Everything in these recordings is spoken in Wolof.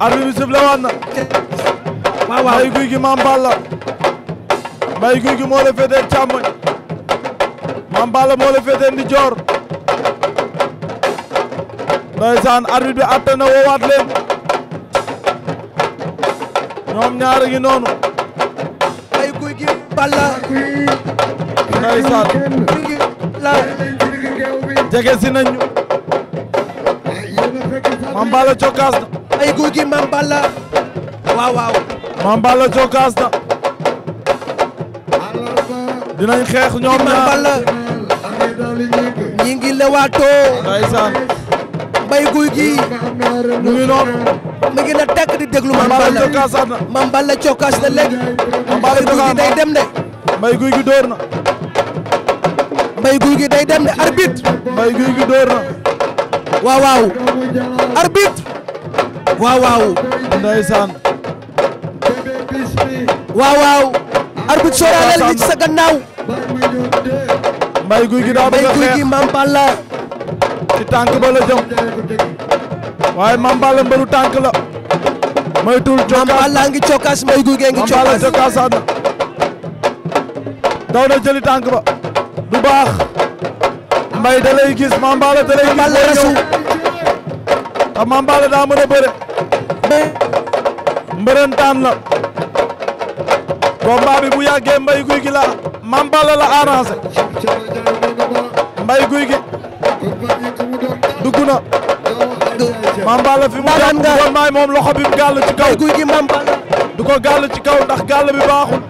arbitre bi siflé waat na waaw guy gi Mame Balla mbay guy gi moo la féetee càmmoñ Mame Balla moo la féetee ndijoor ndeysaan arbitre bi atte na woowaat leen ñoom ñaar gi noonu mbay guy gi Balla ndeysaan la jege si nañu Mame Balla cokkaas ay guy gi Mame Balla waaw waaw Mame Balla jokkaas na dinañ xeex ñoom ñaar Mame Balla ñi ngi lewaatoo guy gi mu ngi noonu mi na tekk di déglu Mame Balla Balla cokkaas na léegi mbay guy gi day dem de mbay guy gi dóor na mbay guy gi day dem de arbitre mbay guy gi dóor na waaw waaw arbitre waaw waaw ndeysaan waaw waaw arbitre sooraaleel li ci sa gannaaw mbay guy gi daa bëgg a xeex mbay guy gi Mame tànk ba la jëm waaye Mame Balla mbëru tànk la moytul cokkaas Mame Balla ngi cokkaas mbay guy gee ngi cokkaas Mame Balla na jëli tànk ba du baax mbay da lay gis Mame Balla da daa mën a bëre mbërëntaan la combat bi bu yàggee mbay guy gi la Mame Balla la arrangé mbay guy gi dugg na Mame Balla fi mu jàpp woon maay moom loxo bi mu gàll ci kaw guy gi du ko gàll ci kaw ndax gàll bi baaxul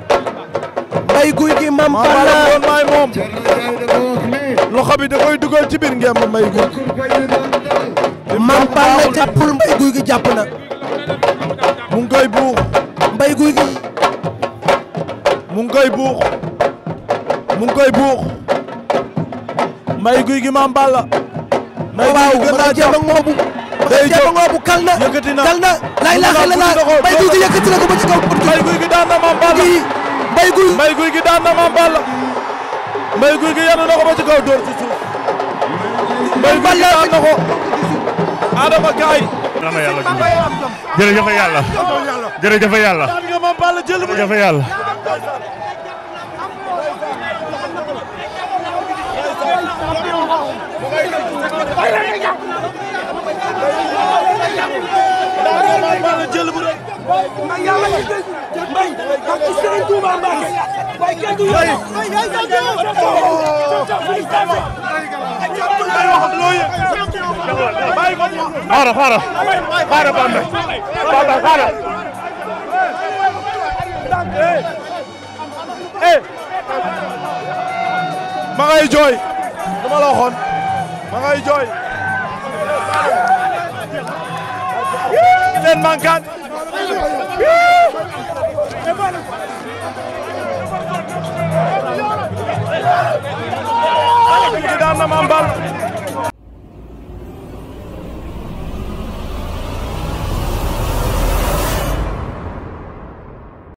mbay guy gi Mame Balla woon maay moom loxo bi da koy dugal ci biir ngemb mbay guy gi Mame jàppul mbay guy gi jàpp na mu ngi koy buux mbay guy gi mu ngi koy buux mu ngi koy buux mbay guy gi maam Balla mbay guy gi gën naa jàpp ngoobu day jóg ngoobu kal na yëkkati na kal na laay laaxee la naa mbay guy gi yëkkati na ko ba ci kaw mbay guy gi daan na maam Balla mbay guy mbay guy gi daan na maam Balla mbay guy gi yanu na ko ba ci kaw dóor ci suuf mbay guy gi daan na ko Adama Gaye yàlla na yàlla jërëjëf yàlla jërëjëf yàlla jërëjëf yàlla. jërëjëf yàlla. xaaral xaaral xaaral Bambey Bambey xaaral. Eh. ma ngay jooy lu ma la waxoon ma ngay jooy. leen mankaan.